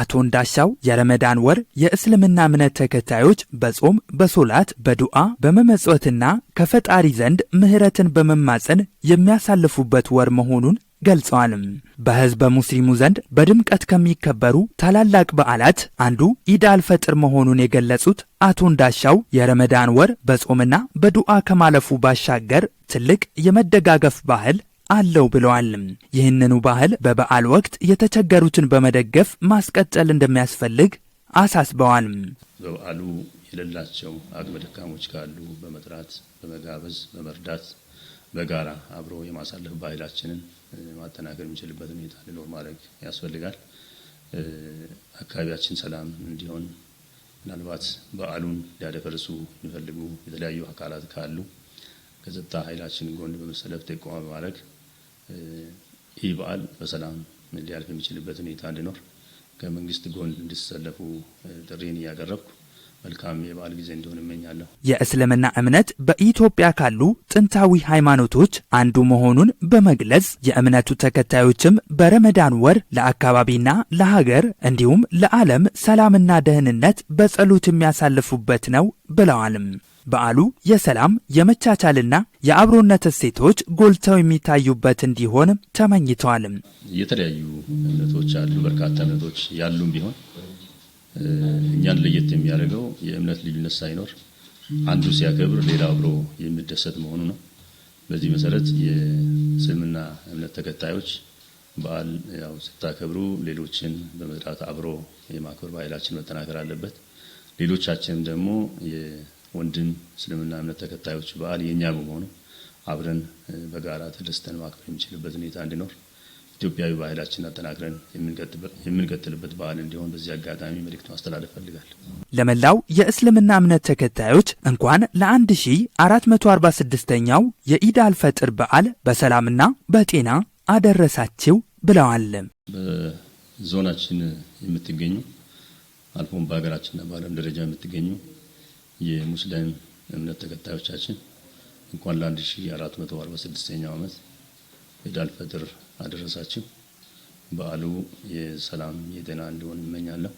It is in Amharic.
አቶ እንዳሻው የረመዳን ወር የእስልምና እምነት ተከታዮች በጾም በሶላት በዱዓ በመመጽወትና ከፈጣሪ ዘንድ ምህረትን በመማፀን የሚያሳልፉበት ወር መሆኑን ገልጸዋልም። በህዝበ ሙስሊሙ ዘንድ በድምቀት ከሚከበሩ ታላላቅ በዓላት አንዱ ኢድ አልፈጥር መሆኑን የገለጹት አቶ እንዳሻው የረመዳን ወር በጾምና በዱዓ ከማለፉ ባሻገር ትልቅ የመደጋገፍ ባህል አለው ብለዋል። ይህንኑ ባህል በበዓል ወቅት የተቸገሩትን በመደገፍ ማስቀጠል እንደሚያስፈልግ አሳስበዋል። በበዓሉ የሌላቸው አቅመ ደካሞች ካሉ በመጥራት በመጋበዝ በመርዳት በጋራ አብሮ የማሳለፍ ባህላችንን ማጠናከር የሚችልበት ሁኔታ ሊኖር ማድረግ ያስፈልጋል። አካባቢያችን ሰላም እንዲሆን ምናልባት በዓሉን ሊያደፈርሱ የሚፈልጉ የተለያዩ አካላት ካሉ ከጸጥታ ኃይላችን ጎን በመሰለፍ ጥቆማ በማድረግ ይህ በዓል በሰላም ሊያልፍ የሚችልበት ሁኔታ እንዲኖር ከመንግስት ጎን እንዲሰለፉ ጥሪን እያቀረብኩ መልካም የበዓል ጊዜ እንዲሆን እመኛለሁ። የእስልምና እምነት በኢትዮጵያ ካሉ ጥንታዊ ሃይማኖቶች አንዱ መሆኑን በመግለጽ የእምነቱ ተከታዮችም በረመዳን ወር ለአካባቢና ለሀገር እንዲሁም ለዓለም ሰላምና ደህንነት በጸሎት የሚያሳልፉበት ነው ብለዋልም። በዓሉ የሰላም የመቻቻልና የአብሮነት እሴቶች ጎልተው የሚታዩበት እንዲሆን ተመኝተዋል። የተለያዩ እምነቶች አሉ፣ በርካታ እምነቶች ያሉም ቢሆን እኛን ለየት የሚያደርገው የእምነት ልዩነት ሳይኖር አንዱ ሲያከብር ሌላ አብሮ የሚደሰት መሆኑ ነው። በዚህ መሰረት የእስልምና እምነት ተከታዮች በዓል ያው ስታከብሩ ሌሎችን በመርዳት አብሮ የማክበር ባህላችን መጠናከር አለበት። ሌሎቻችንም ደግሞ ወንድም እስልምና እምነት ተከታዮች በዓል የእኛ በመሆኑ አብረን በጋራ ተደስተን ማክበር የሚችልበት ሁኔታ እንዲኖር ኢትዮጵያዊ ባህላችን አጠናክረን የምንቀጥልበት በዓል እንዲሆን በዚህ አጋጣሚ መልእክት ማስተላለፍ ፈልጋል። ለመላው የእስልምና እምነት ተከታዮች እንኳን ለ1446ኛው የኢድ አልፈጥር በዓል በሰላምና በጤና አደረሳችሁ ብለዋል። በዞናችን የምትገኙ አልፎም በሀገራችንና በዓለም ደረጃ የምትገኙ የሙስሊም እምነት ተከታዮቻችን እንኳን ለ1446ኛው ዓመት የዳል ፈጥር አደረሳችሁ። በዓሉ የሰላም የጤና እንዲሆን እመኛለሁ።